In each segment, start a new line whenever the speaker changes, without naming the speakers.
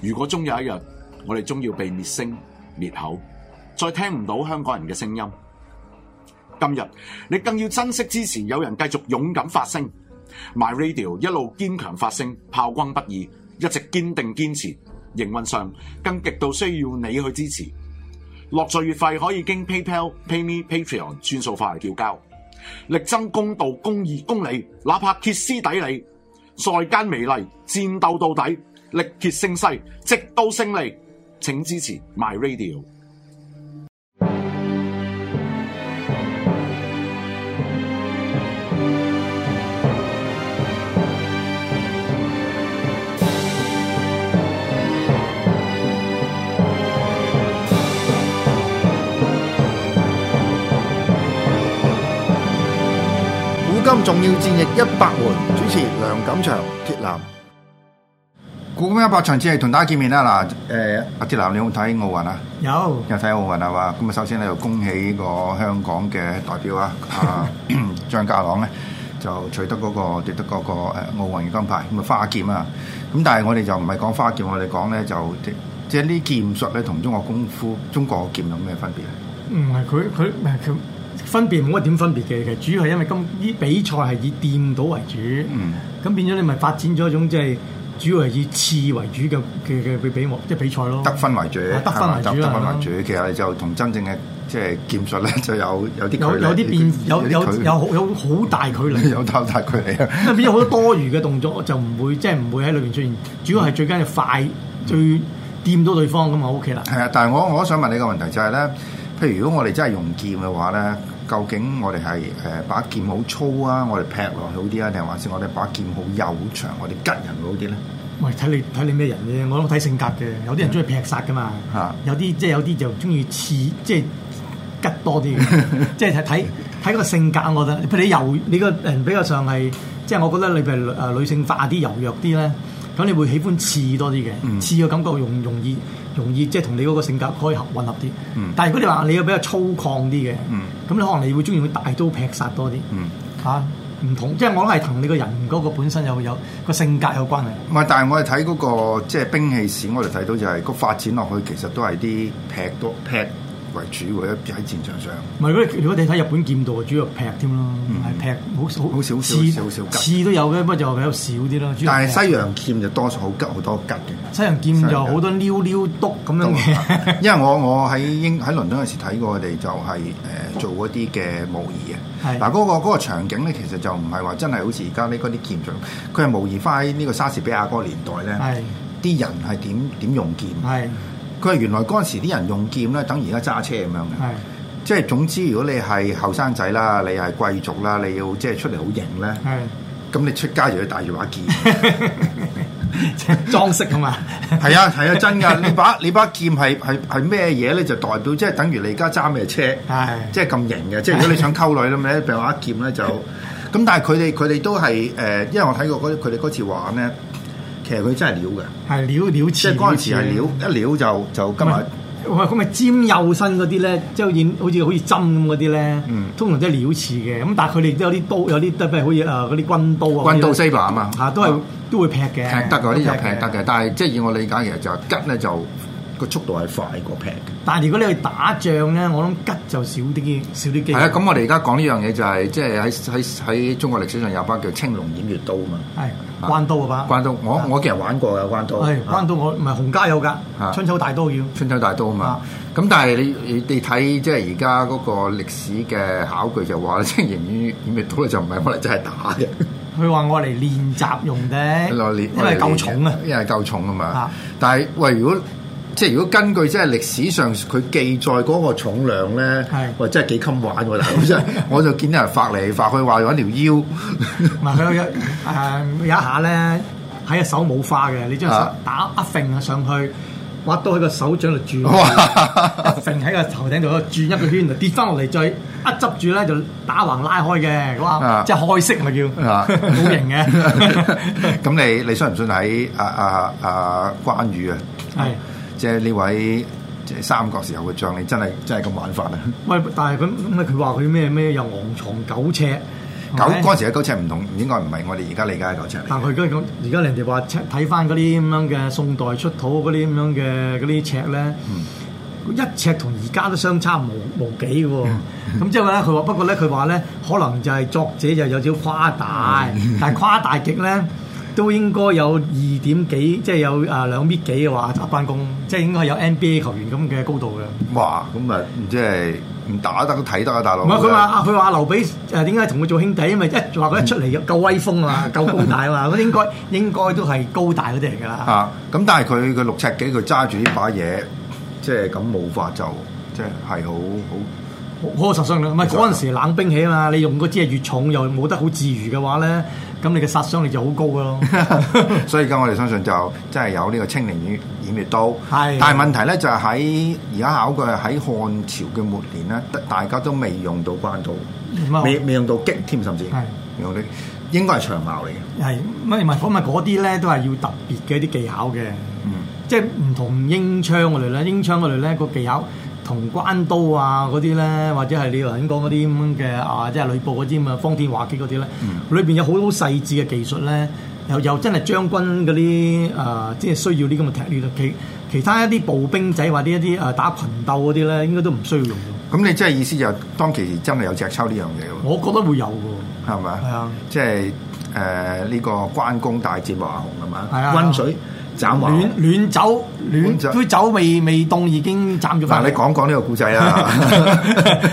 如果終有一日，我哋終要被滅聲滅口，再聽唔到香港人嘅聲音。今日你更要珍惜支持有人繼續勇敢發聲，My Radio 一路堅強發聲，炮轟不已，一直堅定堅持。營運上更極度需要你去支持。落座月費可以經 PayPal、PayMe、Patreon 轉數化嚟繳交，力爭公道、公義、公理，哪怕歇斯底里，再奸微利，戰鬥到底。力竭聲嘶，直到勝利。請支持 My Radio。古今重要戰役一百回，主持梁錦祥、鐵男。古今一百場只係同大家見面啦！嗱、呃，誒阿鐵男，你有冇睇奧運啊？有，有睇奧運係嘛？咁啊，首先咧就恭喜個香港嘅代表啊， 張家朗咧就取得嗰、奪得嗰個誒奧運嘅金牌，咁啊花劍啊，咁但係我哋就唔係講花劍，我哋講咧就即係啲劍術咧同中國功夫、中國嘅劍有咩分別？
唔係佢佢誒分別冇乜點分別嘅嘅，其實主要係因為今啲比賽係以掂到為主，嗯，咁變咗你咪發展咗一種即係。主要係以刺為主嘅嘅嘅比比即係比賽咯，得分為主，吧得分為主，得分為主。
其實就同真正嘅即係劍術咧，就有有啲有啲變，有有有好
有好大距離， 有好
大，大距離啊！咁
啊，變咗好多多餘嘅動作就唔會即係唔會喺裏邊出現。主要係最緊要快，嗯、最掂到對方咁啊 OK 啦。
係啊，但係我我想問你個問題就係、是、咧，譬如如果我哋真係用劍嘅話咧。究竟我哋係誒把劍好粗啊，我哋劈落去好啲啊，定還是我哋把劍好幼長，我哋吉人好啲咧？
喂，睇你睇你咩人啫？我諗睇性格嘅，有啲人中意劈殺噶嘛，嗯、有啲即係有啲就中意刺，即係吉多啲嘅，即係睇睇睇個性格。我覺得譬如你柔，你個人比較上係即係我覺得你譬如誒女性化啲、柔弱啲咧，咁你會喜歡刺多啲嘅，嗯、刺嘅感覺容唔容易？容易，即係同你嗰個性格可以合混合啲。嗯、但係如果你話你又比較粗獷啲嘅，咁、嗯、你可能你會中意會大刀劈殺多啲嚇。唔、嗯啊、同，即係我都係同你個人嗰個本身有有、個性格有關係。唔係、那
個，但係我係睇嗰個即係兵器史，我哋睇到就係個發展落去其實都係啲劈多劈為主喎，喺戰場上。
唔係，如果如果你睇日本劍道，主要劈添咯，係、嗯、劈好少少少，刺次都有嘅，不過就比較少啲咯。但係西洋
劍就多數好吉好多吉嘅。西洋劍就好
多溜溜篤咁
樣嘅。因為我我喺英喺倫敦嗰時睇過佢哋就係、是、誒、呃、做嗰啲嘅模擬嘅。嗱嗰是、啊那個嗰、那個、場景咧，其實就唔係話真係好似而家呢嗰啲劍術，佢係模擬返喺呢個莎士比亞嗰個年代咧。係啲人係點點用劍係。是佢話原來嗰陣時啲人用劍咧，等於而家揸車咁樣嘅，是的 即係總之如果你係後生仔啦，你係貴族啦，你要即係出嚟好型咧，咁是的 你出街就要帶住把劍 裝飾啊嘛。 係啊係啊，真噶！你把你把劍係係係咩嘢咧？就代表即係等於你而家揸咩車，是的 即係咁型嘅。是的 即係如果你想溝女咧，譬如話一劍咧就咁。但係佢哋佢哋都係誒，因為我睇過佢哋嗰次玩咧。其實佢真係了嘅，係了了似即係光刺係了，料一了就就
今日。哇，咁咪尖幼身嗰啲咧，即係好似好似好似針嗰啲咧，嗯，通常即係了似嘅。咁但係佢哋都有啲刀，有啲得係譬如好似啊嗰啲軍刀啊，軍刀 saber
啊嘛，吓、呃呃呃、都係都會劈嘅，嗯、劈得嗰啲又劈得嘅。得但係即係以我理解，其實就吉咧就。個速度係快過劈嘅，
但係如果你去打仗咧，我諗吉就少啲少啲機。係啊，
咁我哋而家講呢樣嘢就係、是，即係喺喺喺中國歷史上有把叫青龍偃月刀的啊嘛。係關刀啊嘛是？關刀，我我其實玩過啊關刀。係關刀，我唔係洪家有噶，的春秋大刀要。春秋大刀啊嘛。咁的但係你你睇即係而家嗰個歷史嘅考據就話青龍偃月刀咧就唔係可能真係打嘅。
佢話我嚟練習用嘅，攞嚟練，因為夠重
啊、嗯。因為夠重啊嘛。但係喂，如果即係如果根據即係歷史上佢記載嗰個重量咧，是的 哇，真係幾襟玩喎！我就我就見到人發嚟發去話有一條腰，
嗱佢 一誒、呃、一下咧喺隻手冇花嘅，你將手打一揈啊上去，挖到佢個手掌度轉，一揈喺個頭頂度轉一個圈，就跌翻落嚟再一執住咧就打橫拉開嘅，哇、那個！ 即係開式咪叫，好型嘅。
咁你你信唔信喺阿阿阿關羽啊？係、啊。啊啊啊啊啊即係呢位即係三國時候嘅將，你真係真係咁玩法啊！
喂，但係咁佢話佢咩咩又昂藏九尺，
九嗰陣時嘅九尺唔同，應該唔係我哋而家理解嘅九尺。但
係佢而家，而家人哋話睇翻嗰啲咁樣嘅宋代出土嗰啲咁樣嘅嗰啲尺咧，嗯、一尺同而家都相差無無幾喎、哦。咁之後咧，佢話不過咧，佢話咧可能就係作者就有少少誇大， 但係誇大極咧。都應該有二點幾，即係有啊兩米幾嘅話打翻工，即係應該有 NBA 球員咁嘅高度嘅。
哇！咁啊，即係唔打得都睇得啊，大佬。唔係佢話啊，
佢話是劉備誒，點解同佢做兄弟？因為一話佢一出嚟夠威風 夠啊，夠高大啊，應該應該都係高大嗰啲嚟㗎啦。
啊！咁但係佢佢六尺幾，佢揸住呢把嘢，即係咁冇法，就即係係好好。
剎殺傷力唔係嗰陣時冷兵器啊嘛，你用嗰支嘢越重又冇得好自如嘅話咧，咁你嘅殺傷力就好高咯。
所以而家我哋相信就真係有呢個青銅演劍、劍刀。係是，但係問題咧就係喺而家考嘅喺漢朝嘅末年咧，大家都未用到關刀，麼未未用到戟添，甚至係是用啲應該係長矛嚟嘅。
係乜？唔係咁咪嗰啲咧都係要特別嘅一啲技巧嘅。嗯，即係唔同英槍嗰類咧，英槍嗰類咧個技巧。嗯同關刀啊，嗰啲咧，或者係你頭先講嗰啲咁嘅啊，即係呂布嗰啲咁啊，方天畫戟嗰啲咧，裏邊有好多細緻嘅技術咧，又又真係將軍嗰啲啊，即係需要啲咁嘅踢
啲咯。其其他一啲步兵仔或者一啲啊，打群鬥嗰啲咧，應該都唔需要用。咁你真係意思就當其時真係有隻抽呢樣嘢喎、啊？我覺得會有嘅，係咪吧吧啊？係啊，即係誒呢個關公大戰華雄係咪啊？溫水。斬埋，亂亂走，亂杯酒未未凍，已經斬咗。嗱，你講講呢個故仔啊，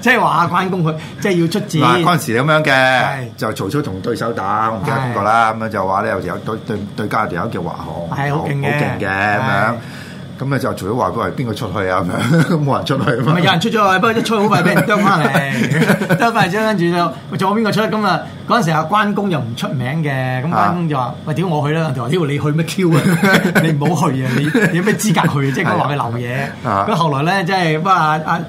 即係話關公佢，即、就、係、是、要出戰嗱，嗰陣
時咁樣嘅，是就曹操同對手打，唔記得邊個啦，咁樣是就話咧有時有對對對家條友叫華雄，係好勁嘅，好勁嘅咁樣。是咁咧就除咗話佢係邊個出去啊咁樣，都冇人出去啊嘛。唔係有人出咗，不過一出好
快俾人兜翻嚟，兜翻嚟之後跟住就仲有邊個出？咁啊嗰陣時阿關公又唔出名嘅，咁、啊、關公就話：喂，屌我去啦！佢話：屌你去乜 Q 啊？你唔好去啊！你你有咩資格去？即係講話佢流嘢。咁、 啊、後來咧，即係乜阿阿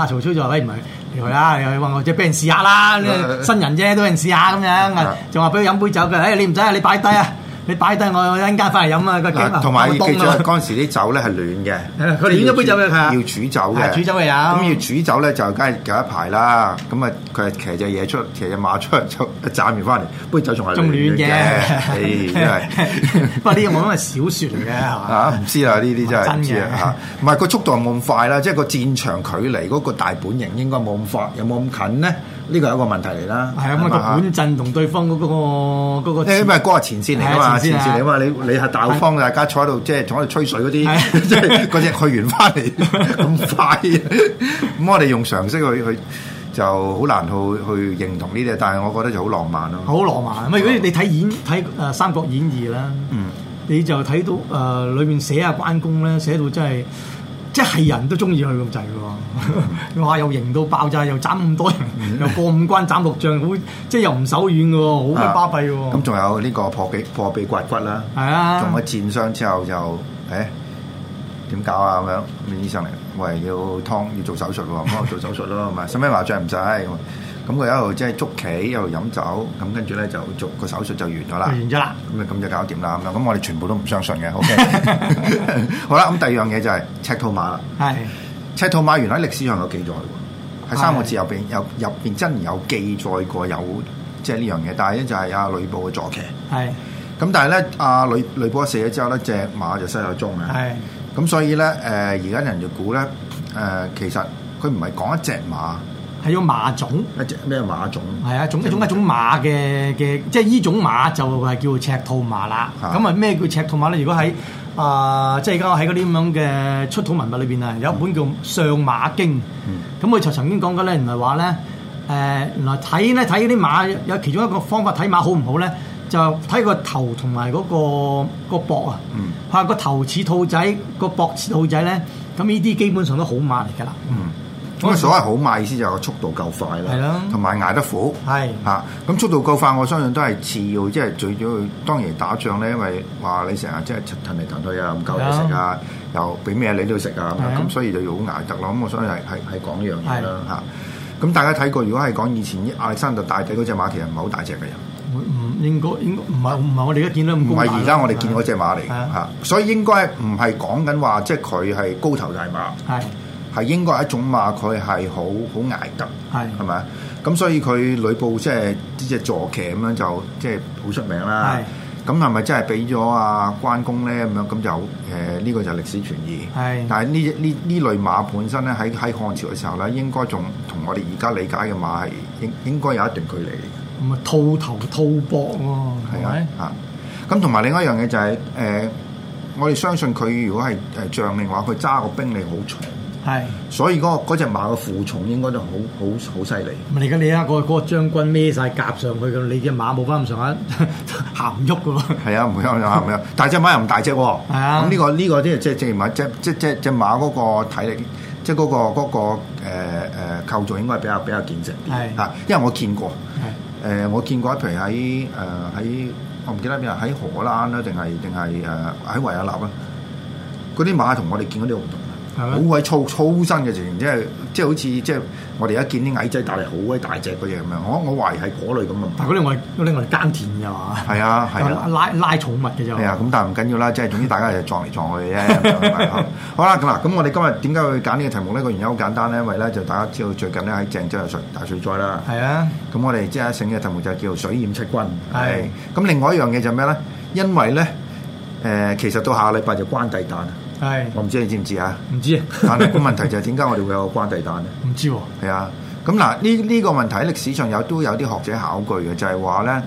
阿曹操就話：喂、哎，唔係，你去啦，你又話我即係俾人試下啦，新人啫，都俾人試下咁樣。仲話俾佢飲杯酒嘅，哎，你唔使啊，你擺低啊。你擺低我，我一陣間翻嚟飲啊。同埋，啊，記住啦。
嗰時啲酒咧係暖嘅。佢暖咗杯酒佢。要煮酒嘅，煮酒嚟啊！咁要煮酒咧就梗係隔一排啦。咁啊，佢係騎隻嘢出，騎隻馬出，出一斬完翻嚟，杯酒仲係仲暖嘅。唉，
真係、嗯 啊，不過呢個冇乜小説嚟嘅嚇。
唔、就是、真知啦，呢啲真係真唔係個速度冇咁快啦，即係個戰場距離嗰、嗰個大本營應該冇咁快，有冇咁近咧？呢個係一個問題嚟啦，係啊，咁個本陣同對方嗰個嗰個誒唔係嗰個前線嚟㗎嘛，欸嗰個、前線嚟啊？嘛，你你係大方，大家坐喺度即係坐喺度吹水嗰啲，即係嗰隻去完翻嚟咁快，咁、 嗯、我哋用常識去去就好難去去認同呢啲，但係我覺得就好浪漫咯。
好浪漫，唔，如果你睇演睇誒《三國演義》啦，嗯，你就睇到誒裏面寫啊關公咧，寫到真係。一係人都中意佢咁滯喎，哇！又型到爆
炸，又斬咁多
人， 又過五關斬六將，好即係又唔手軟嘅喎，好鬼巴閉喎。
咁仲、啊、有呢、呢個破臂破臂刮骨啦，係啊，仲乜戰傷之後就誒點、哎、搞啊咁樣？咁醫生嚟？喂，要劏要做手術喎，幫 我做手術咯，咪使咩麻將唔使。咁佢一路即係捉棋一路飲酒，咁跟住咧就做個手術就完咗啦。完咗啦，咁咪咁就搞掂啦。咁我哋全部都唔相信嘅。Okay? 好嘅，好啦。咁第二樣嘢就係赤兔馬啦。係是赤兔馬原來喺歷史上有記載喎，係是三個字入邊，有入邊真有記載過有即係呢樣嘢。但係咧就係阿呂布嘅坐騎。係咁是，但係咧阿呂呂布死咗之後咧，隻馬就失咗蹤啦。係咁是，所以咧誒，而、呃、家人就估咧誒、呃，其實佢唔係講一隻馬。係個馬種，一隻咩馬種？
係啊，一種一種一種馬嘅嘅，即係呢種馬就係叫赤兔馬啦。咁啊，咩叫赤兔馬咧？如果喺啊、呃，即係而家喺嗰啲咁樣嘅出土文物裏邊啊，有一本叫《上馬經》嗯。咁佢就曾經講緊咧，原來話咧，誒、呃，原來睇咧睇呢啲馬有其中一個方法睇馬好唔好咧，就睇、嗰個頭同埋嗰個個膊啊。嚇個、嗯、頭似兔仔，嗰個膊似兔仔咧，咁呢啲基本上都好馬嚟㗎啦。嗯。
咁所謂好馬意思就係個速度夠快啦，同埋捱得苦。係嚇，咁速度夠快，我相信都係次要，即係最主要。當然打仗咧，因為話你成日即係騰嚟騰去啊，唔夠嘢食啊，又俾咩你都食啊，咁所以就要好捱得咯。咁我相信係係講呢樣嘢啦嚇。咁啊，大家睇過，如果係講以前亞歷山大大帝嗰隻馬，其實唔係好大隻嘅人，唔應該，應該唔係唔係我哋而家見到唔係而家我哋見嗰隻馬嚟嚇，所以應該唔係講緊話即係佢係高頭大馬。係。係應該係一種馬，佢係好好捱得，係係咪啊？咁是的 所以佢呂布即係呢隻坐騎咁樣就即係好出名啦。咁係咪真係俾咗阿關公咧咁樣咁就誒呢、呃這個就係歷史傳説？係是的 但係呢呢呢類馬本身咧喺喺漢朝嘅時候咧，應該仲同我哋而家理解嘅馬係應應該有一段距離。
唔係套頭套膊喎，係咪
啊？咁同埋另一樣嘢就係、是、誒、呃，我哋相信佢如果係誒將領嘅話，佢揸個兵力好重。係，所以嗰、那個隻馬嘅負重應該都好好好犀利。
唔係你你啊，嗰、那、嗰、個那個、將軍孭晒夾上去咁，你嘅馬冇翻咁上下
行喐噶喎。係啊，唔會啊，大隻馬又唔大隻喎。係啊的。咁呢、這個呢、這個即係即係隻馬，即即即隻馬嗰個體力，即係嗰個嗰、那個誒誒構造應該比較比較健淨啲。係的因為我見過。係的。誒、呃，我見過，譬如喺誒喺我唔記得邊啊，喺荷蘭啦，定係定係誒喺維也納啊？嗰啲馬我同我哋見嗰啲唔同。好鬼粗粗身嘅，情即係即係好似即係我哋而家見啲矮仔，帶嚟好鬼大隻嘅咁樣。我我懷疑係嗰類咁啊。
但係嗰啲我哋我另耕田
啫嘛。係啊，係
拉拉寵物嘅啫。係啊，
咁但係唔緊要啦，即係總之大家係撞嚟撞去嘅啫。 好啦，咁嗱，咁我哋今日點解會揀呢個題目呢？個原因好簡單咧，因為咧就大家知道最近咧喺鄭州又水大水災啦。係啊。咁我哋即係醒嘅題目就叫做「水淹七軍。係。咁、啊啊、另外一樣嘢就咩咧？因為咧，誒，其實到下個禮拜就關帝誕。係，是我唔知你知唔知啊？唔 知啊，但係、啊這個問題就係點解我哋會有個關帝誕咧？唔知喎。係啊，咁嗱呢呢個問題喺歷史上有都有啲學者考據嘅，就係話咧，誒、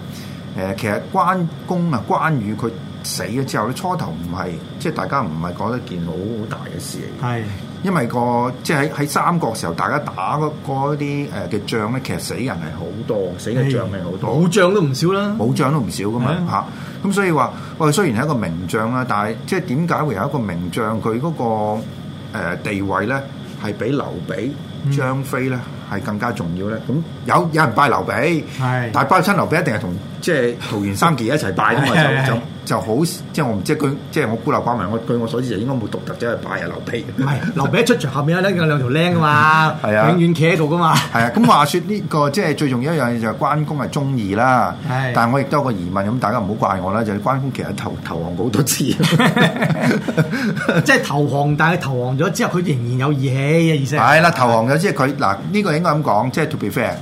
呃，其實關公啊、關羽佢死咗之後咧，初頭唔係即係大家唔係覺得一件好大嘅事嚟。係是，因為個即係喺喺三國時候，大家打嗰啲誒嘅仗咧，其實死人係好多，死嘅將領好多，哎、武將都唔少啦，武將都唔少噶嘛吓。咁、嗯、所以話，我哋雖然係一個名將啦，但係即係點解會有一個名將佢嗰、那個、呃、地位咧，係比劉備、嗯、張飛咧係更加重要咧？咁、嗯、有有人拜劉備，係是，但係拜親劉備一定係同即係桃園三傑一齊拜㗎嘛？就好即係我唔知，佢即係我，我孤陋寡聞，我據我所知就應該冇獨特走去拜啊劉備。唔係劉備一出場後面有咧有兩條僆噶嘛，永遠企喺度噶嘛。係 啊，咁話說呢、這個即係最重要一樣嘢就關公係忠義啦。是但係我亦都有個疑問，咁大家唔好怪我啦，就是、關公其實投投降好多次，即 係 投降，但係投降咗之後佢仍然有義氣嘅意思。係啦， 投降咗之後佢嗱呢個應該咁講，即、就、係、是、to be fair。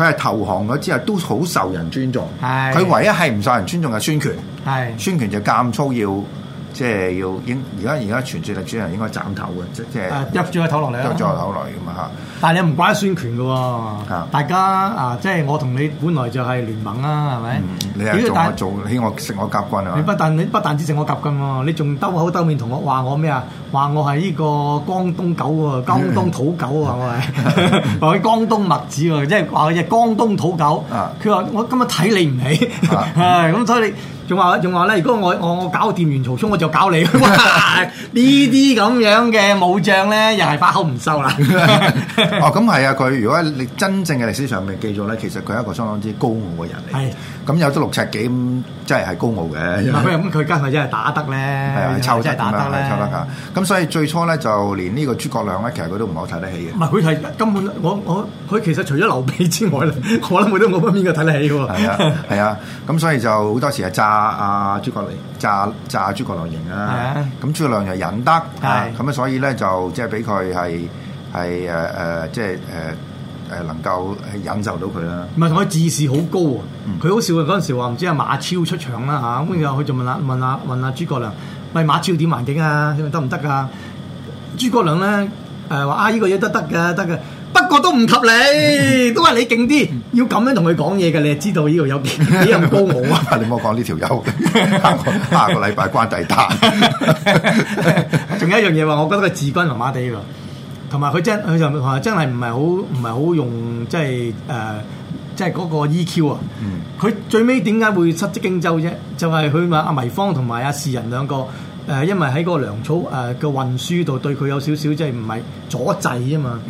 佢係投降咗之後都好受人尊重，佢是的 唯一係唔受人尊重嘅，孫權，是的 孫權就監操要即係要應而家而家傳説歷主人應該斬頭嘅，即即係，剁咗
個頭落嚟，剁咗個頭
落嚟咁啊！
但係你唔怪得孫權嘅喎、哦，啊、大家啊，即係我同你本來就係聯盟啦、啊，係咪、嗯？如果但係做
起我食我，啊、我夾棍啊！你
不但你不但只食我夾棍喎，你仲兜口兜面同我話我咩啊？話我係呢個江東狗喎、啊，江東土狗啊，我係話佢江東墨子喎、啊，即係話佢隻江東土狗。佢話、啊、我今日睇你唔起，咁、啊 啊、所以你仲話仲話咧？如果我我我搞掂完曹操，我就搞你。 這這呢啲咁樣嘅武將咧，又係發口唔收啦。
哦，咁係啊！佢如果你真正嘅歷史上面記咗咧，其實佢係一個相當之高傲嘅人嚟。係，咁有得六尺幾，咁真係係高傲嘅。咁
佢梗係真係打得咧，係啊，抽得啦，係抽得啊！
咁所以最初咧，就連呢個諸葛亮咧，其實佢都唔係好睇得起嘅。唔
係佢係根本，我我佢其實除咗劉備之外咧，我諗佢都冇乜邊個睇得起嘅喎。係啊，
係啊，咁所以就好多時係炸阿諸葛亮，炸炸諸葛亮型啊。係咁諸葛亮又忍得。係咁啊，所以咧就即係俾佢係。係誒誒，即係誒誒，能夠忍受到佢啦。
唔係同佢自視好高啊！佢、嗯、好笑啊！嗰陣時話唔知阿馬超出場啦、啊、吓，咁然後佢就問下、啊，問下、啊、問阿諸葛亮：，喂、啊，馬超點環境啊？得唔得噶？諸葛亮咧誒話啊，呢、呃啊這個嘢得得嘅，得嘅。不過都唔及你，嗯、都話你勁啲。嗯、要咁樣同佢講嘢嘅，你係知道呢度有啲有 高
我啊！ 你唔好講呢條友，下個禮拜關帝誕。
仲有一樣嘢話，我覺得佢自尊麻麻地喎。同埋佢真佢就話真係唔係好唔係好用，即係誒即係嗰個 EQ 啊！佢、嗯、最尾點解會失職荊州啫？就係佢話阿糜芳同埋阿士仁兩個誒、呃，因為喺嗰個糧草誒嘅、呃、運輸度對佢有少少即係唔係阻滯啊嘛！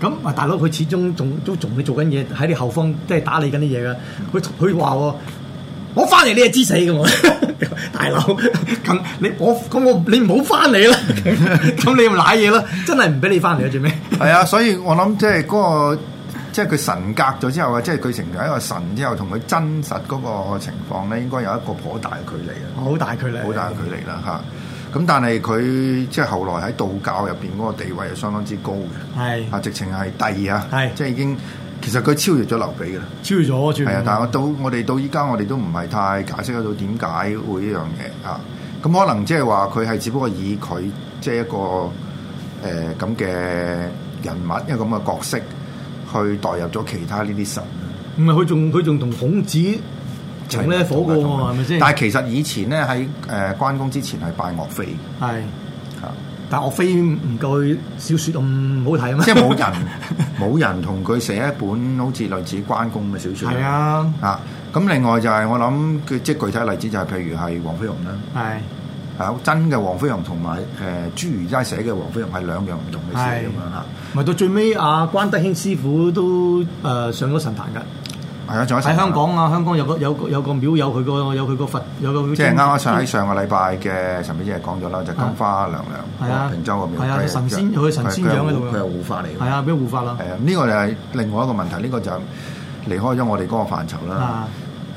咁啊、嗯嗯，大佬佢始終仲都仲係做緊嘢喺你後方，即係打理緊啲嘢㗎。佢佢話我翻嚟哇你就知死㗎嘛。 大佬咁你我咁我你唔好翻嚟啦，咁你又攋嘢啦，真係唔俾你翻嚟啦做咩？
係啊，所以我諗即係嗰個即係佢神格咗之後啊，即係佢成為一個神之後，同佢真實嗰個情況咧，應該有一個頗大嘅距離啊，好大距離，好大嘅距離啦吓。咁的但係佢即係後來喺道教入邊嗰個地位係相當之高
嘅，
係啊的，直情係帝啊，係即係已經。其實佢超越咗劉備嘅，啦，超越咗，係啊！但係我到我哋到依家，我哋都唔係太解釋得到點解會呢樣嘢啊！咁可能即係話佢係只不過以佢即係一個誒咁嘅人物，一個咁嘅角色去代入咗其他呢啲神。
唔係佢仲佢仲同孔子情呢火噶喎，係咪先？但係其
實以前咧喺誒關公之前係拜岳飛。
係。但係岳飛唔夠小説咁好睇啊嘛，即係冇人
冇 人同佢寫一本好似類似關公嘅小説。係啊，啊咁另外就係、是、我諗，即係具體例子就係、是、譬如係黃飛鴻啦，係啊，啊，真嘅黃飛鴻同埋誒朱如齋寫嘅黃飛鴻係兩樣唔同嘅事咁樣嚇。
咪、啊啊、到最尾阿、啊、關德興師傅都誒、呃、上咗神壇㗎。係啊，仲有喺香港啊，香港有個有個有個廟有佢個有佢個佛有個即係啱啱上喺
上個禮拜嘅陳美姐係講咗啦，就是、金花娘娘的平洲個廟，係啊，神仙佢他神仙樣喺度佢係護法嚟㗎，係啊，俾護法啦。係啊，呢、這個就係另外一個問題，呢、這個就離開咗我哋嗰個範疇啦。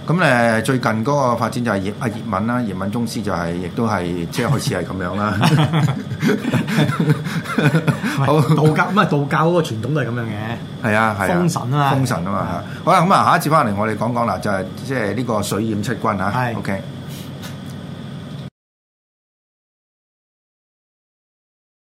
咁誒的最近嗰個發展就係葉阿葉問啦，葉問宗師就係、是、亦都係即係開始係咁樣啦。 道教唔係道教嗰個傳統都係咁樣嘅，係啊，封神啦，啊、封神啊嘛。啊啊好啦，咁啊，下一節翻嚟我哋講講啦，就係即係呢個水淹七軍啊。係，OK。